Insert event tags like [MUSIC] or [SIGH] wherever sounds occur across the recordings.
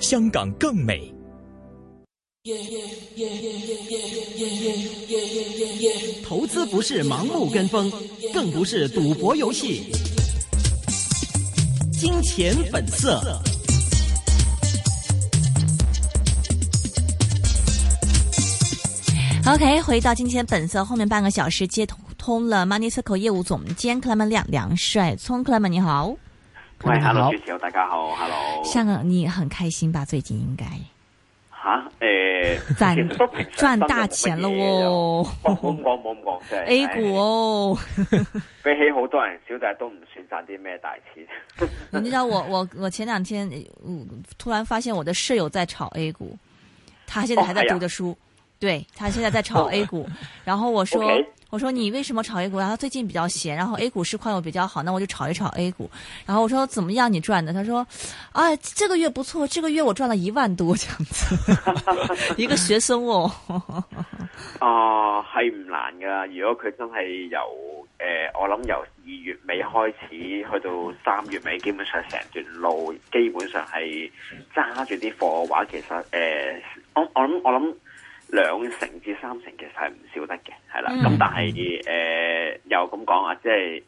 香港更美。投資不是盲目跟風，更不是賭博遊戲。金錢本色。OK，回到金錢本色，後面半個小時接通了 Money Circle 業務總監克萊曼亮梁帥聰，克萊曼，你好。喂 Hey，hello，hello. 大家好，hello。香港你很開心吧？最近應該吓？誒，賺、欸、賺大錢了哦！冇講，冇講，真係 A 股哦。 [LAUGHS] 比起好多人，小弟都唔算賺啲咩大錢。 [LAUGHS] 你知道我我我前兩天我突然發現我的室友在炒 A 股，他現在還在讀的書，哦哎、對他現在在炒 A 股， [LAUGHS] [LAUGHS] 然後我說。Okay? 我說你為什麼炒 A 股？然、啊、後最近比較閒，然後 A 股市況又比較好，那我就炒一炒 A 股。然後我說怎麼樣你賺的？他說，啊、哎，這個月不錯，這個月我賺了一萬多，這樣子。一個學生哦。啊、 [LAUGHS] [LAUGHS] 呃，係唔難噶，如果佢真係由誒、呃，我諗由二月尾開始去到三月尾，基本上成段路基本上係揸住啲貨嘅話，其實誒、呃，我我諗我諗。兩成至三成其實係唔少得嘅，係啦。咁、嗯、但係誒、呃、又咁講啊，即係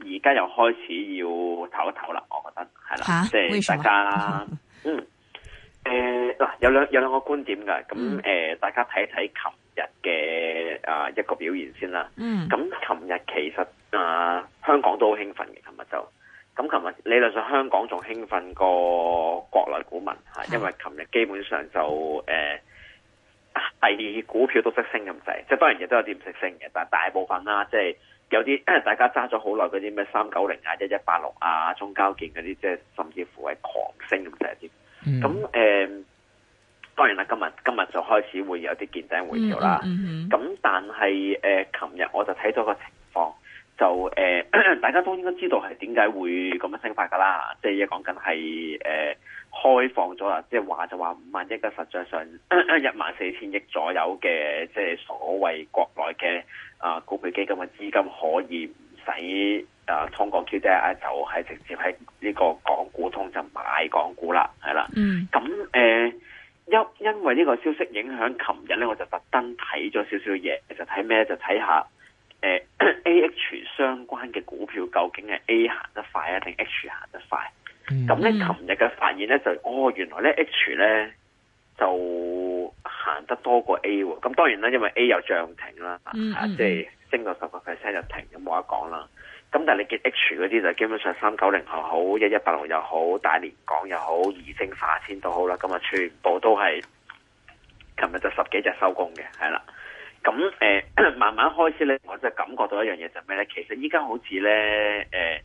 而家又開始要唞一唞啦。我覺得係啦，即係哈大家嗯誒嗱、呃呃，有兩有兩個觀點㗎。咁、呃、誒，嗯、大家睇一睇琴日嘅啊、呃、一個表現先啦。嗯，咁琴日其實啊、呃、香港都好興奮嘅，琴日就咁琴日理論上香港仲興奮過國內股民吓，因為琴日基本上就誒。呃呃第二股票都識升咁滯，即係當然亦都有啲唔識升嘅，但係大部分啦，即係有啲，因為大家揸咗好耐嗰啲咩三九零啊、一一八六啊、中交建嗰啲，即係甚至乎係狂升咁滯啲。咁誒、嗯嗯，當然啦，今日今日就開始會有啲見頂回調啦。咁、嗯嗯嗯、但係誒，琴、呃、日我就睇到個情況，就誒、呃，大家都應該知道係點解會咁樣升法噶啦，即係講緊係誒。呃開放咗啦，即係話就話五萬億嘅，實際上一萬四千億左右嘅，即係所謂國內嘅啊股票基金嘅資金可以唔使啊通過 QDII 就係、是，直接喺呢個港股通就買港股啦，係啦。咁誒、mm. 呃，因因為呢個消息影響，琴日呢我就特登睇咗少少嘢，就睇咩就睇下誒 A H 相關嘅股票究竟係 A 行得快啊，定 H 行得快？咁咧，琴日嘅發現咧就，哦，原來咧 H 咧就行得多過 A 喎、嗯。咁、嗯、當然啦，因為 A 又漲停啦，即係、嗯嗯啊、升個十個 percent 就停，咁冇得講啦。咁但係你見 H 嗰啲就基本上三九零後好，一一八六又好，大連港又好，宜興化纖都好啦。咁啊，全部都係琴日就十幾隻收工嘅，係啦。咁誒、呃，慢慢開始咧，我真係感覺到一樣嘢就咩咧？其實依家好似咧，誒、呃。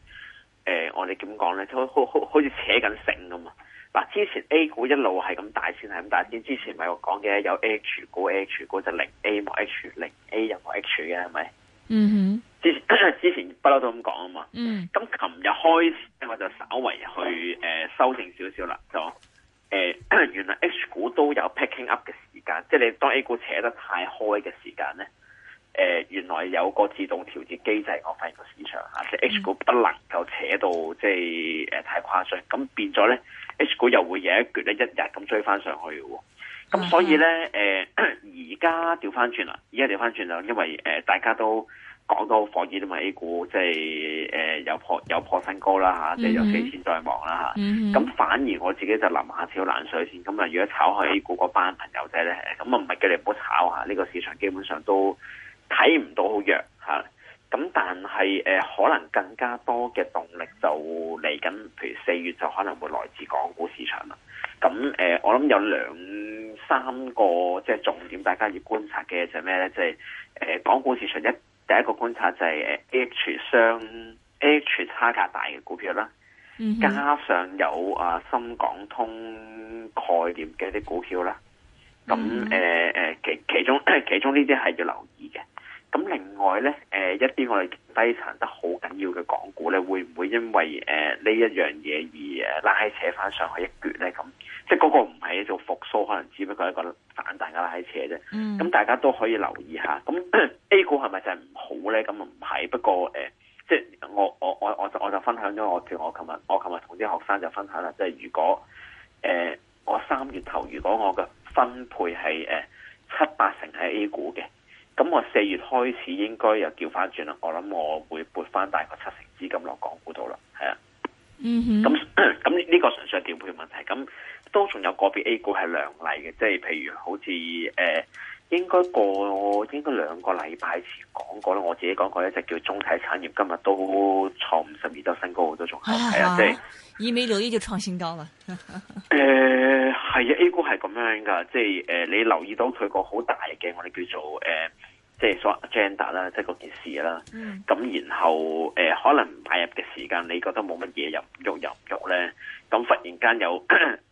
誒、呃，我哋點講咧？就好好好似扯緊繩咁嘛。嗱，之前 A 股一路係咁大先係咁大先，之前咪講嘅有 H 股、H 股就零 A 冇 H，零 A 有冇 H 嘅係咪？嗯哼，之、mm hmm. 之前不嬲 [LAUGHS] 都咁講啊嘛。嗯、mm。咁琴日開始咧，我就稍為去誒修正少少啦，就誒、呃、原來 H 股都有 packing up 嘅時間，即係你當 A 股扯得太開嘅時間咧。誒原來有個自動調節機制，我發現個市場啊，即係 H 股不能夠扯到即係誒太誇張，咁變咗咧，H 股又會有一撅咧一日咁追翻上去喎。咁所以咧誒而家調翻轉啦，而家調翻轉就因為誒大家都講到火熱都咪 A 股，即係誒有破有破新高啦嚇，即係有四千在望啦嚇。咁反而我自己就淋馬超冷水先，咁啊如果炒開 A 股嗰班朋友仔咧，咁啊唔係叫你唔好炒下，呢個市場基本上都～睇唔到好弱嚇，咁但係誒、呃、可能更加多嘅動力就嚟緊，譬如四月就可能會來自港股市場啦。咁誒、呃，我諗有兩三個即係重點，大家要觀察嘅就係咩咧？即係誒港股市場一第一個觀察就係誒 H 商 H 差價大嘅股票啦，mm hmm. 加上有啊深港通概念嘅啲股票啦。咁誒誒，其其中其中呢啲係要留意嘅。咁另外咧，誒、呃、一啲我哋低殘得好緊要嘅港股咧，會唔會因為誒呢、呃、一樣嘢而誒拉扯翻上去一撅咧？咁即係嗰個唔係一種復甦，可能只不過一個反彈嘅拉扯啫。咁、嗯、大家都可以留意下。咁 A 股係咪就係唔好咧？咁唔係。不過誒、呃，即係我我我我我就分享咗我同我琴日我琴日同啲學生就分享啦。即係如果誒、呃、我三月頭，如果我嘅分配係誒、呃、七八成係 A 股嘅。咁我四月開始應該又調翻轉啦，我諗我會撥翻大概七成資金落港股度啦，係啊，咁咁呢呢個純粹調配問題，咁都仲有個別 A 股係亮麗嘅，即係譬如好似誒、呃，應該過應該兩個禮拜前講過啦，我自己講過一隻、就是、叫中體產業，今日都創五十二週新高都多仲係啊，即係、ah。一沒留意就創新高啦 [LAUGHS] 呃！誒，係啊，A 股係咁樣噶，即係誒、呃，你留意到佢個好大嘅，我哋叫做誒。呃即係所 agenda 啦，即係嗰件事啦。咁然後誒，可能買入嘅時間，你覺得冇乜嘢入唔入唔入咧？咁忽然間有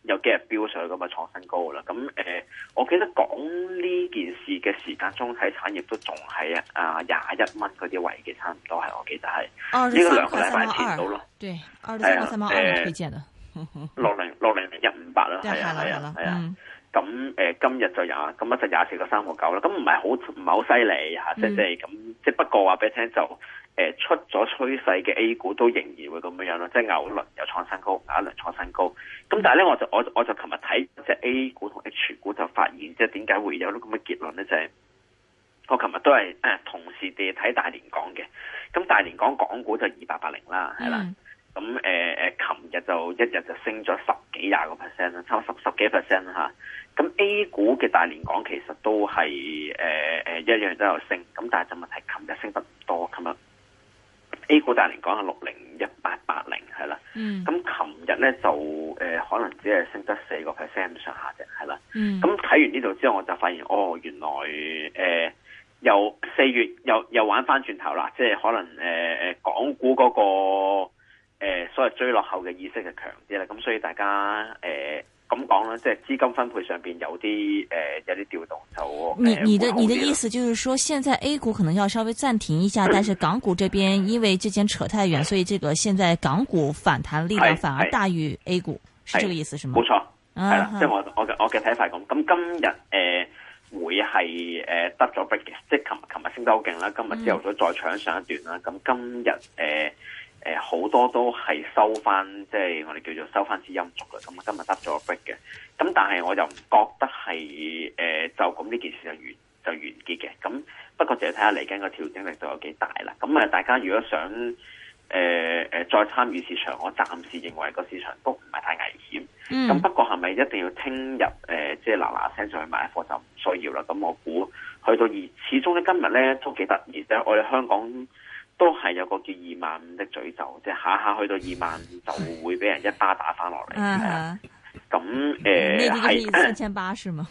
有幾日飆上去咁啊，創新高啦！咁誒，我記得講呢件事嘅時間，中體產業都仲係啊廿一蚊嗰啲位嘅，差唔多係我記得係。呢個兩個禮拜前到咯。對，二十三推薦啊。六零六零零一五八啦。係啦係啦係啦。咁誒、嗯、今日就有啊，咁一隻廿四個三毫九啦，咁唔係好唔係好犀利吓，即係即係咁，即係不過話俾你聽就誒出咗趨勢嘅 A 股都仍然會咁樣樣咯，即係牛輪又創新高，牛輪創新高。咁但係咧，我就我我就琴日睇隻 A 股同 H 股就發現，即係點解會有咁嘅結論咧？就係、是、我琴日都係誒、啊、同時地睇大連港嘅，咁大連港港股就二八八零啦，係啦、嗯。咁誒誒，琴日、呃、就一日就升咗十幾廿個 percent 啦，差唔多十幾 percent 啦吓。咁、啊、A 股嘅大連港其實都係誒誒一樣都有升，咁但係就問題，琴日升得多，琴日 A 股大連港係六零一八八零係啦。嗯。咁琴日咧就誒、呃，可能只係升得四個 percent 上下啫，係啦。嗯。咁睇完呢度之後，我就發現哦，原來誒、呃、又四月又又玩翻轉頭啦，即係可能誒誒、呃，港股嗰、嗰個。誒、呃，所謂追落後嘅意識就強啲啦，咁、嗯、所以大家誒咁講啦，即係資金分配上邊有啲誒、呃、有啲調動就。嗯、呃，你的你的意思就是說，現在 A 股可能要稍微暫停一下， [LAUGHS] 但是港股這邊因為之前扯太遠， [LAUGHS] 所以這個現在港股反彈力量反而大於 A 股， [LAUGHS] 是這個意思，是嗎？冇錯，係啦，即係我我嘅我嘅睇法咁。咁、嗯嗯嗯、今、呃、日誒會係誒得咗 break 嘅，即係琴日琴日升得好勁啦，今日之後再再搶上一段啦。咁今日誒。嗯誒好、呃、多都係收翻，即係我哋叫做收翻支音族嘅，咁今日得咗 break 嘅。咁但係我就唔覺得係誒、呃、就咁呢件事就完就完結嘅。咁不過就睇下嚟緊個調整力度有幾大啦。咁啊，大家如果想誒誒、呃、再參與市場，我暫時認為個市場都唔係太危險。嗯。咁不過係咪一定要聽日誒即係嗱嗱聲上去買一貨就唔需要啦？咁我估去到而始終咧今日咧都幾得意，而且我哋香港。都係有個叫二萬五的詛咒，即係下下去到二萬五就會俾人一巴打返落嚟。咁誒係三千八是嗎？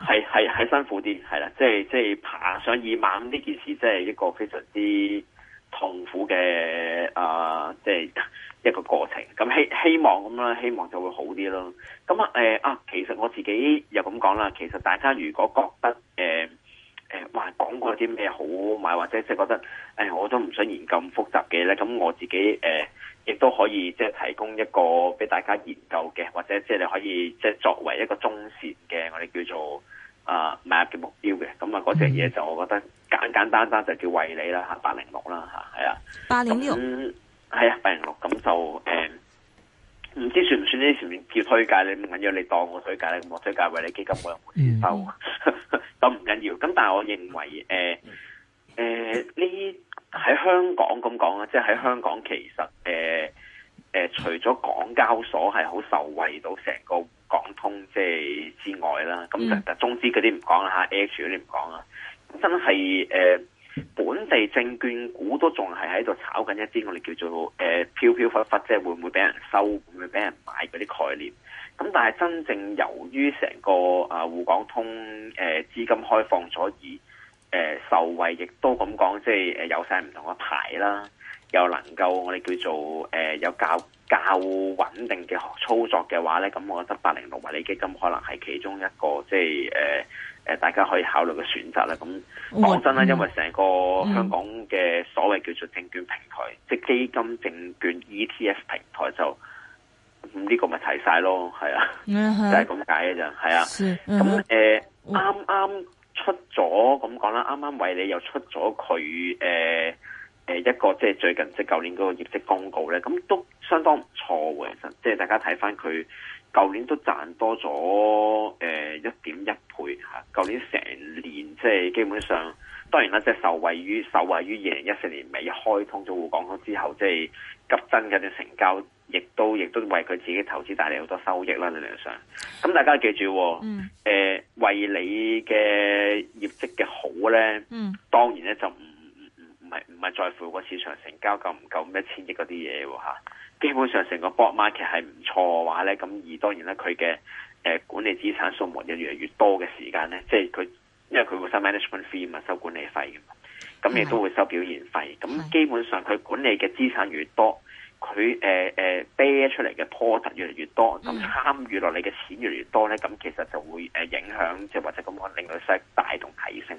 係係係辛苦啲，係啦，即係即係爬上二萬五呢件事，即係一個非常之痛苦嘅啊、呃，即係一個過程。咁、嗯、希希望咁啦，希望就會好啲咯。咁啊誒啊，其實我自己又咁講啦，其實大家如果覺得，講過啲咩好買，或者即係覺得誒、哎、我都唔想研究咁複雜嘅咧，咁我自己誒亦都可以即係、呃、提供一個俾大家研究嘅，或者即係你可以即係作為一個中線嘅我哋叫做啊、呃、買嘅目標嘅，咁啊嗰隻嘢就我覺得簡簡單單，單就叫為你啦吓，八零六啦吓，係啊，八零六，係啊，八零六咁就誒。呃唔知算唔算呢啲前面叫推介你唔緊要，你當我推介咧，我推介為你基金我又唔收，咁唔緊要。咁 [LAUGHS] 但係我認為，誒誒呢喺香港咁講啊，即係喺香港其實誒誒、呃呃，除咗港交所係好受惠到成個港通即係之外啦，咁就中資嗰啲唔講啦吓 H 嗰啲唔講啦，真係誒。呃本地證券股都仲係喺度炒緊一啲我哋叫做誒飄飄忽忽，即係會唔會俾人收，會唔會俾人買嗰啲概念。咁但係真正由於成個啊滬港通誒、啊、資金開放咗，所以、啊、誒受惠，亦都咁講，即係誒有曬唔同嘅牌啦。又能夠我哋叫做誒有較較穩定嘅操作嘅話咧，咁我覺得八零六迷你基金可能係其中一個即係誒誒大家可以考慮嘅選擇啦。咁講真啦，因為成個香港嘅所謂叫做證券平台，即基金證券 E T F 平台就咁呢個咪睇晒咯，係啊，就係咁解嘅啫，係啊。 [LAUGHS] 咁誒啱啱出咗咁講啦，啱啱偉你又出咗佢誒。呃誒一個即係最近即係舊年嗰個業績公告咧，咁都相當唔錯嘅，其實即係大家睇翻佢舊年都賺多咗誒一點一倍嚇，舊年成年即係基本上，當然啦，即係受惠於受惠於二零一四年尾開通咗滬港通之後，即係急增嘅啲成交，亦都亦都為佢自己投資帶嚟好多收益啦，理論上。咁大家記住，嗯，誒為你嘅業績嘅好咧，嗯，當然咧就唔。唔係唔係在乎個市場成交夠唔夠咩千億嗰啲嘢喎。基本上成個 bond market 係唔錯嘅話咧，咁而當然咧佢嘅誒管理資產數目越嚟越多嘅時間咧，即係佢因為佢會收 management fee 嘛，收管理費嘅，咁亦都會收表現費。咁基本上佢管理嘅資產越多，佢誒誒啤出嚟嘅 portfolio 越嚟越多，咁參與落嚟嘅錢越嚟越多咧，咁其實就會誒影響，即係或者咁樣令到息大同提升。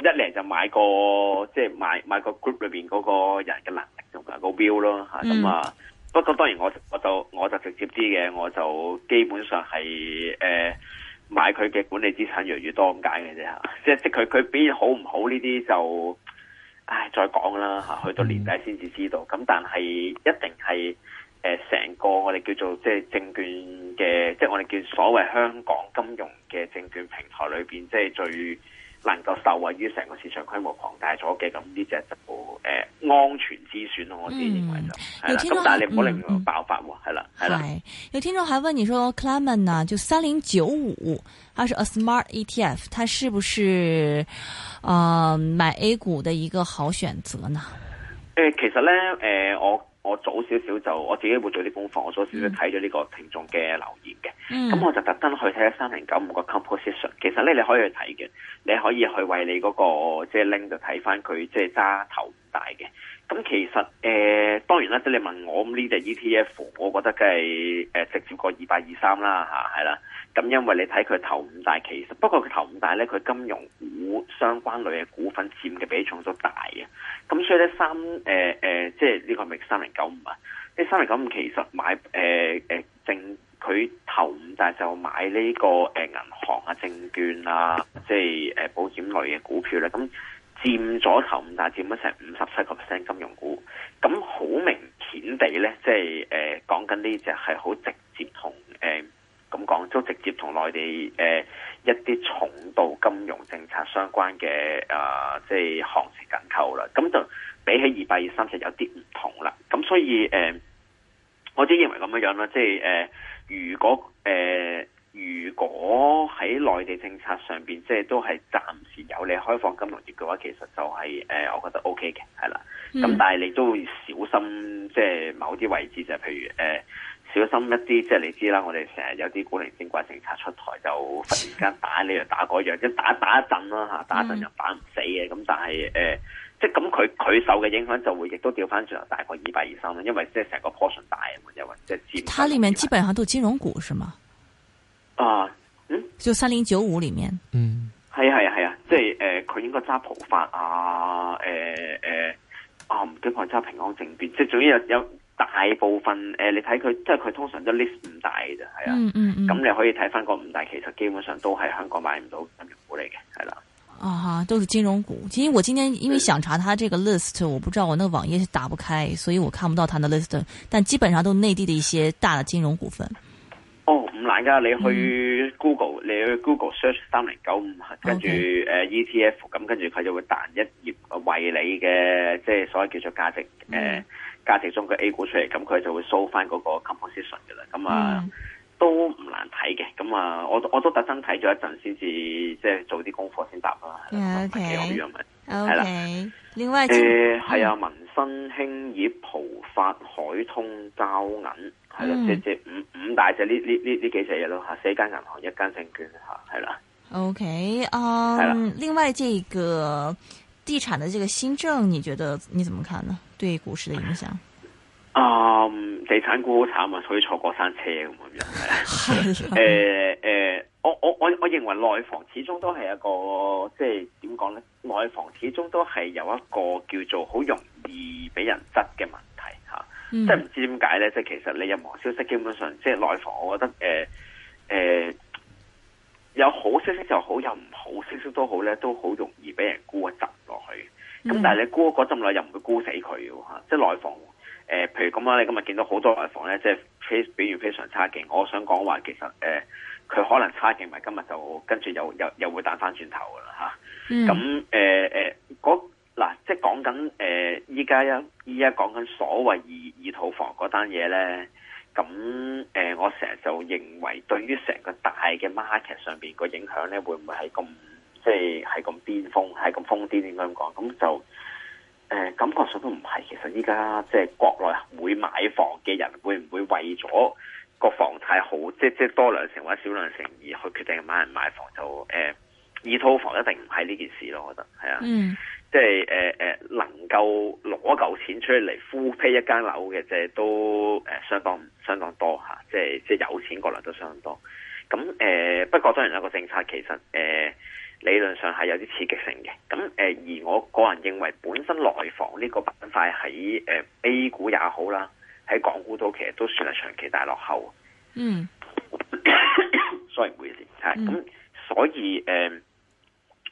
一嚟就買個，即係買買個 group 裏邊嗰個人嘅能力同埋個 view 咯嚇。咁啊，不過、mm. 當然我我就我就直接啲嘅，我就基本上係誒、呃、買佢嘅管理資產越來越多咁解嘅啫嚇。即係即係佢佢表現好唔好呢啲就，唉再講啦嚇，去到年底先至知道。咁、mm. 但係一定係誒成個我哋叫做即係證券嘅，即係我哋叫所謂香港金融嘅證券平台裏邊，即係最。能夠受惠於成個市場規模龐大咗嘅，咁呢隻就誒安全之選咯。嗯、我自己認為就係、是、啦。咁但係你唔好令爆發喎，啦，係啦。有聽眾還問你說，Clement 呢、啊？就三零九五，它是 A Smart ETF，它是不是啊、呃、買 A 股的一個好選擇呢？誒、呃，其實咧，誒、呃、我。我早少少就我自己會做啲功課，我早少少睇咗呢個聽眾嘅留言嘅，咁、mm hmm. 嗯、我就特登去睇咗三零九五個 composition。其實咧，你可以去睇嘅，你可以去為你嗰、嗰個即係拎就睇翻佢即係揸頭大嘅，咁、嗯、其實誒、呃，當然啦，即係你問我咁呢隻 ETF，我覺得梗係誒，直接過二百二三啦吓，係啦。咁、嗯、因為你睇佢頭五大，其實不過佢頭五大咧，佢金融股相關類嘅股份占嘅比重都大嘅。咁、嗯、所以咧三誒誒，即係呢個咪三零九五啊？即三零九五其實買誒誒證，佢、呃、頭五大就買呢、這個誒銀、呃、行啊、證券啊，即係誒、呃、保險類嘅股票咧、啊、咁。嗯佔咗頭五大，佔咗成五十七個 percent 金融股，咁好明顯地咧，即係誒講緊呢隻係好直接同誒咁講都直接同內地誒、呃、一啲重度金融政策相關嘅啊，即、呃、係、就是、行情緊扣啦。咁就比起二百二三十有啲唔同啦。咁所以誒、呃，我都認為咁樣樣啦，即係誒，如果誒。呃如果喺內地政策上邊，即係都係暫時有利開放金融業嘅話，其實就係、是、誒、呃，我覺得 OK 嘅，係啦。咁、嗯、但係你都會小心，即係某啲位置就係譬如誒、呃，小心一啲，即係你知啦。我哋成日有啲古靈精怪政策出台，就忽然間打你又打嗰樣，即打打一陣啦嚇，打一陣、嗯、又打唔死嘅。咁但係誒、呃，即係咁佢佢受嘅影響就會亦都調翻轉頭，大概二百二三蚊，因為即係成個 portion 大啊嘛，又或者佔。它裡面基本上都金融股是嗎？啊，嗯，就三零九五裏面，嗯，係係啊係啊，即係誒佢應該揸浦發啊，誒誒啊，佢可能揸平安證券，即係總之有有大部分誒、呃，你睇佢即係佢通常都 list 唔大嘅，係啊，咁、嗯嗯嗯、你可以睇翻個唔大，其實基本上都係香港買唔到金融股嚟嘅，係啦、啊，啊吓，都係金融股，其實我今天因為想查他這個 list，我不知道我那個網頁係打不開，所以我看不到他的 list，但基本上都內地的一些大嘅金融股份。難噶，嗯、你去 Google，你去 Google search 三零九五，Okay. uh, ETF, 跟住誒 ETF，咁跟住佢就會彈一頁餵你嘅，即、就、係、是、所謂叫做價值誒價、嗯呃、值中嘅 A 股出嚟，咁佢就會 show 翻嗰個 composition 噶啦，咁啊、嗯嗯嗯、都唔難睇嘅，咁、嗯、啊我我都特登睇咗一陣先至，即係做啲功課先答啦。O K，係啦，yeah, okay, 另外誒係啊，民生興業、浦發、嗯、海通、交銀。係啦，即係五五大隻呢呢呢呢幾隻嘢咯吓，四間銀行，一間證券吓，係啦。OK，啊，係啦。另外，這個地產嘅這個新政，你覺得你怎麼看呢？對股市的影響？啊，地產股好慘啊，所以坐過山車咁樣。係。誒誒、 [LAUGHS] [LAUGHS] 欸欸，我我我我認為內房始終都係一個，即係點講呢？內房始終都係有一個叫做好容易俾人執嘅嘛。嗯、即係唔知點解咧，即係其實你任何消息，基本上即係內房，我覺得誒誒、呃呃、有好消息就好，有唔好消息都好咧，都好容易俾人沽一浸落去。咁但係你沽嗰浸落又唔會沽死佢嘅吓，即係內房誒、呃。譬如咁樣，你今日見到好多內房咧，即係表現非常差勁。我想講話，其實誒佢、呃、可能差勁，咪今日就跟住又又又會彈翻轉頭噶啦吓。咁誒誒嗱，即係講緊誒，依家一依家講緊所謂二二套房嗰單嘢咧，咁誒、呃，我成日就認為對於成個大嘅 market 上邊個影響咧，會唔會係咁即係係咁巔峰，係咁瘋癲應該咁講？咁就誒、呃，感覺上都唔係。其實依家即係國內會買房嘅人，會唔會為咗個房太好，即即多兩成或者少兩成而去決定買唔買房？就誒、呃，二套房一定唔係呢件事咯，我覺得係啊。嗯即係誒誒，能夠攞夠錢出嚟敷披一間樓嘅，即係都誒相當相當多吓，即係即係有錢嗰類都相當多。咁誒、啊呃，不過當然有個政策，其實誒、呃、理論上係有啲刺激性嘅。咁誒、呃，而我個人認為，本身內房呢個板塊喺誒 A 股也好啦，喺港股都其實都算係長期大落後。嗯，唔好意思係咁，所以誒。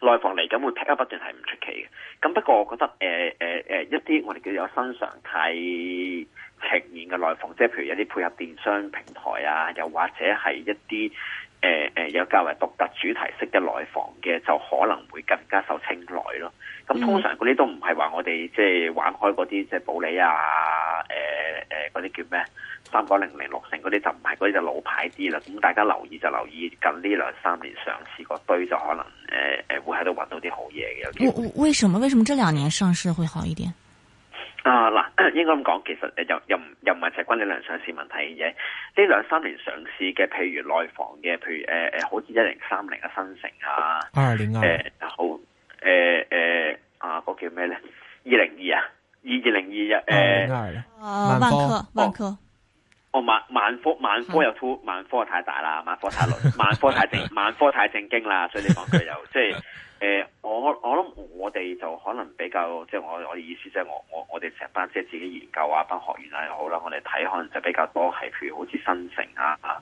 內房嚟緊會劈一不斷係唔出奇嘅，咁不過我覺得誒誒誒一啲我哋叫做有新常態呈現嘅內房，即係譬如有啲配合電商平台啊，又或者係一啲誒誒有較為獨特主題式嘅內房嘅，就可能會更加受青睞咯。咁通常嗰啲都唔係話我哋即係玩開嗰啲即係保利啊誒。呃嗰啲叫咩？三九零零六成嗰啲就唔係嗰隻老牌啲啦。咁大家留意就留意近呢兩三年上市嗰堆就可能誒誒會喺度揾到啲好嘢嘅。有啲為什麼為什麼這兩年上市會好一點？啊嗱，應該咁講，其實又又唔又唔係只關你兩上市問題嘅嘢。呢兩三年上市嘅，譬如內房嘅，譬如誒誒，好似一零三零嘅新城啊，二零二，誒，好誒誒，啊，嗰叫咩咧？二零二啊。二二零二一，誒，萬科，萬科，哦、oh,，萬萬科，萬科又 too，萬科太大啦，萬科太耐，萬 [LAUGHS] 科太正，萬科太正經啦，所以你講佢又即係，誒、uh,，我我諗我哋就可能比較，即係我我意思即係我我我哋成班即係自己研究啊，班學員啊又好啦，我哋睇可能就比較多係，譬如好似新城啊。啊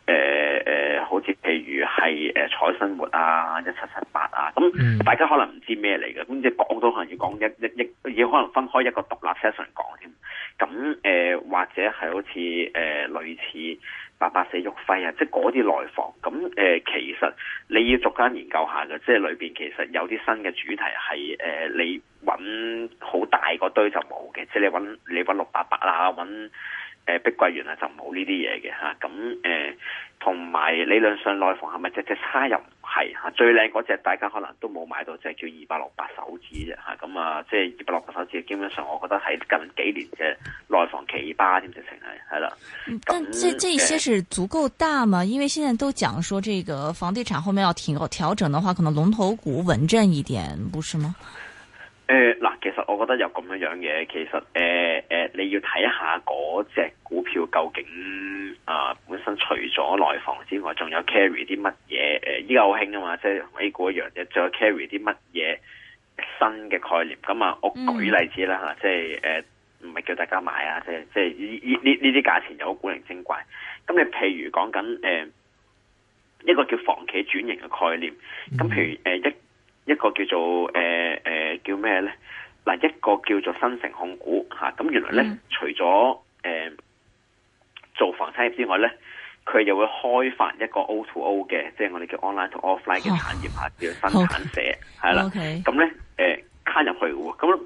誒誒、呃呃，好似譬如係誒、呃、彩生活啊、一七七八啊，咁、嗯、大家可能唔知咩嚟嘅，咁即係講到可能要講一一億，要可能分開一個獨立 session 講添。咁誒、嗯呃、或者係好、呃、似誒、呃、類似八八四續費啊，即係嗰啲內房。咁、嗯、誒、呃、其實你要逐間研究下嘅，即係裏邊其實有啲新嘅主題係誒、呃、你揾好大個堆就冇嘅，即係你揾你揾六八八啊揾。誒碧桂園啊，就冇呢啲嘢嘅嚇，咁誒同埋理論上內房係咪隻隻差又唔係嚇？最靚嗰隻大家可能都冇買到，就係、叫二百六八手指啫嚇，咁啊，即係二百六八手指，啊啊啊就是、手指基本上我覺得喺近幾年嘅內房企葩啲就成係係啦。啊啊啊、但係這這些是足夠大嘛，因為現在都講說這個房地產後面要調調整的話，可能龍頭股穩陣一點，不是嗎？誒，嗱、呃，其實我覺得有咁樣樣嘅，其實誒誒、呃呃，你要睇下嗰隻股票究竟啊、呃，本身除咗內房之外，仲有 carry 啲乜嘢？誒、呃，依家好興啊嘛，即係同 A 股一樣嘅，仲有 carry 啲乜嘢新嘅概念？咁啊，我舉例子啦吓、嗯啊，即係誒，唔、呃、係叫大家買啊，即係即係呢呢呢啲價錢又好古靈精怪。咁你譬如講緊誒一個叫房企轉型嘅概念，咁譬如誒一。呃嗯一個叫做誒誒、呃呃、叫咩咧？嗱，一個叫做新城控股吓，咁、啊、原來咧、嗯、除咗誒、呃、做房產業之外咧，佢又會開發一個 O to O 嘅，即係我哋叫 online 同 offline 嘅產業吓，啊、叫生產社係啦。咁咧誒，卡入 Okay.、嗯呃、去喎。咁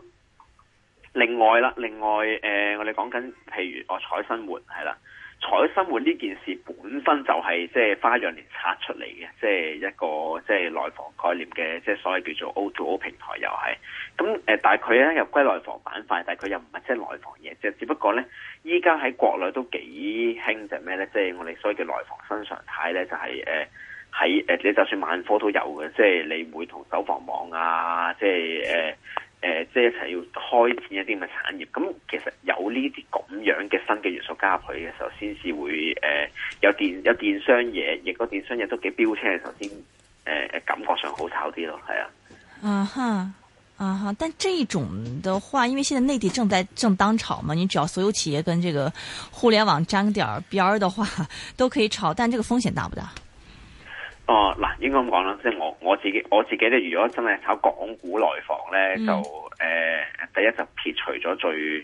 另外啦，另外誒、呃，我哋講緊譬如我彩生活係啦。彩生活呢件事本身就係即係花樣年拆出嚟嘅，即係一個即係內房概念嘅，即係所謂叫做 O to O 平台又係。咁誒、呃，但係佢咧又歸內房板塊，但係佢又唔係即係內房嘢，即係只不過咧，依家喺國內都幾興，就係咩咧？即係我哋所謂嘅內房新常態咧，就係誒喺誒，你就算萬科都有嘅，即係你唔會同走房網啊，即係誒。呃。誒、呃，即係一齊要開展一啲咁嘅產業，咁其實有呢啲咁樣嘅新嘅元素加入去嘅時候，先至會誒、呃、有電有電商嘢，亦個電商嘢都幾標青，首先誒感覺上好炒啲咯，係啊。啊哈、uh，啊、huh. 哈、uh，huh. 但這種的話，因為現在內地正在正當炒嘛，你只要所有企業跟這個互聯網沾點邊兒的話，都可以炒，但這個風險大不大？哦，嗱，應該咁講啦，即係我自己我自己咧，如果真係炒港股內房咧，就誒，第一就撇除咗最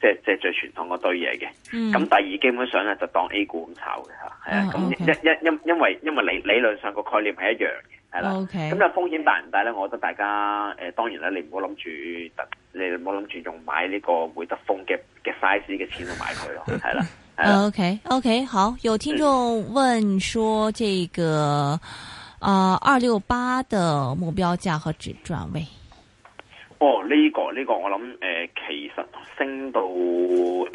即係即係最傳統嗰堆嘢嘅。咁第二基本上咧就當 A 股咁炒嘅吓，係啊。咁因因因因為因為理理論上個概念係一樣嘅，係啦。OK，咁啊風險大唔大咧？我覺得大家誒，當然咧，你唔好諗住特，你唔好諗住用買呢個會德豐嘅嘅 size 嘅錢去買佢咯，係啦。OK OK，好，有聽眾問說這個。啊，二六八嘅目標價和止轉位。哦、oh, 這個，呢個呢個我諗誒、呃，其實升到誒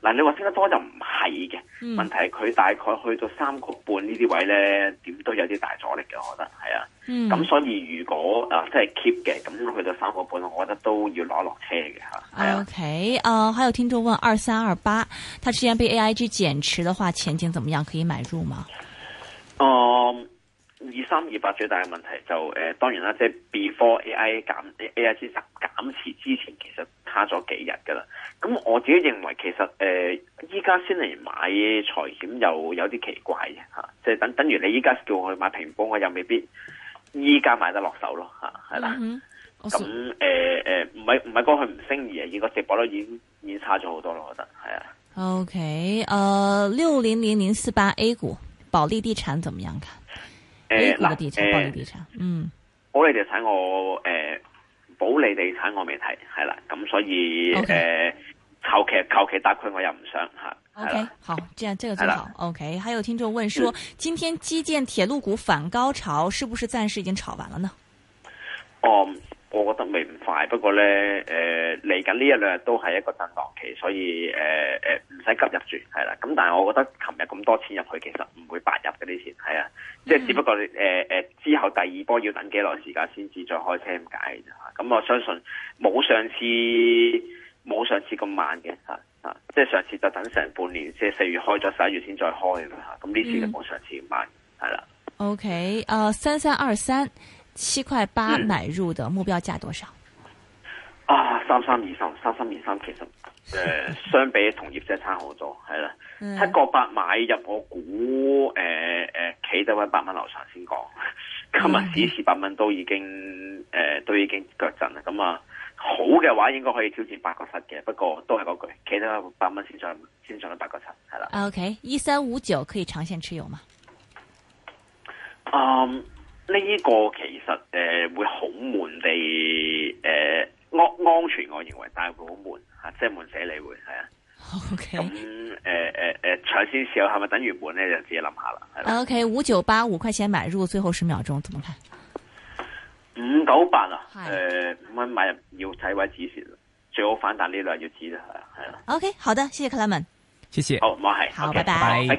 嗱，你、呃、話升得多就唔係嘅。嗯、問題佢大概去到三個半呢啲位咧，點、嗯、都有啲大阻力嘅，我覺得係啊。咁、嗯、所以如果誒、呃、即係 keep 嘅，咁去到三個半，我覺得都要攞落車嘅吓。O K，啊，okay, uh, 還有聽眾問二三二八，它之前被 A I G 減持的話，前景怎麼樣？可以買入嗎？嗯。Uh, 二三二八最大嘅問題就誒，當然啦，即係 before AI 減 AI 之減持之前，其實差咗幾日噶啦。咁我自己認為其實誒，依家先嚟買財險又有啲奇怪嘅嚇，即係等等於你依家叫我去買平鋪，我又未必依家買得落手咯嚇，係啦。咁誒誒，唔係唔係講佢唔升而係個直播都已經已經差咗好多咯，我覺得係啊。OK，誒六零零零四八 A 股保利地產點樣睇？誒嗱，誒、呃呃，嗯，我哋就睇我誒保利地產我，呃、地產我未睇，係啦，咁所以誒求其求其答佢，我又唔想吓。O、okay, K，好，這樣這個最好。了 o、okay, K，還有聽眾問說，今天基建鐵路股反高潮，是不是暫時已經炒完了呢？哦、嗯。我覺得未唔快，不過咧，誒嚟緊呢一兩日都係一個震盪期，所以誒誒唔使急入住，係啦。咁但係我覺得琴日咁多錢入去，其實唔會白入嘅呢次係啊，即係只不過誒誒、呃、之後第二波要等幾耐時間先至再開車咁解啫。咁、嗯、我相信冇上次冇上次咁慢嘅嚇嚇，即係上次就等成半年，即係四月開咗十一月先再開啊，咁呢次就冇上次咁慢，係啦、嗯。OK，啊三三二三。San. 七塊八買入嘅、嗯、目標價多少？啊，三三二三，三三二三其實，誒、呃， [LAUGHS] 相比同業者差好多，係啦。嗯、七個八買入我，我估誒誒企得位八蚊樓上先講，今日只是八蚊都已經誒、呃、都已經腳震啦，咁、嗯、啊好嘅話應該可以挑戰八個七嘅，不過都係嗰句企得位八蚊先上先上到八個七，係啦。O K，一三五九可以長線持有嗎？嗯。呢個其實誒、呃、會好悶地誒安安全我認為，但係會好悶吓、啊，即係悶死你會係啊。OK，咁誒誒誒，搶先笑係咪等完盤咧就自己諗下啦。OK，五九八五塊錢買入，最後十秒鐘，怎麼看？五九八啊，誒五蚊買入要睇位止蝕，最好反彈呢兩日止啦，係啦。OK，好的，謝謝 Clayman 謝謝，好我、okay. 好係，好拜拜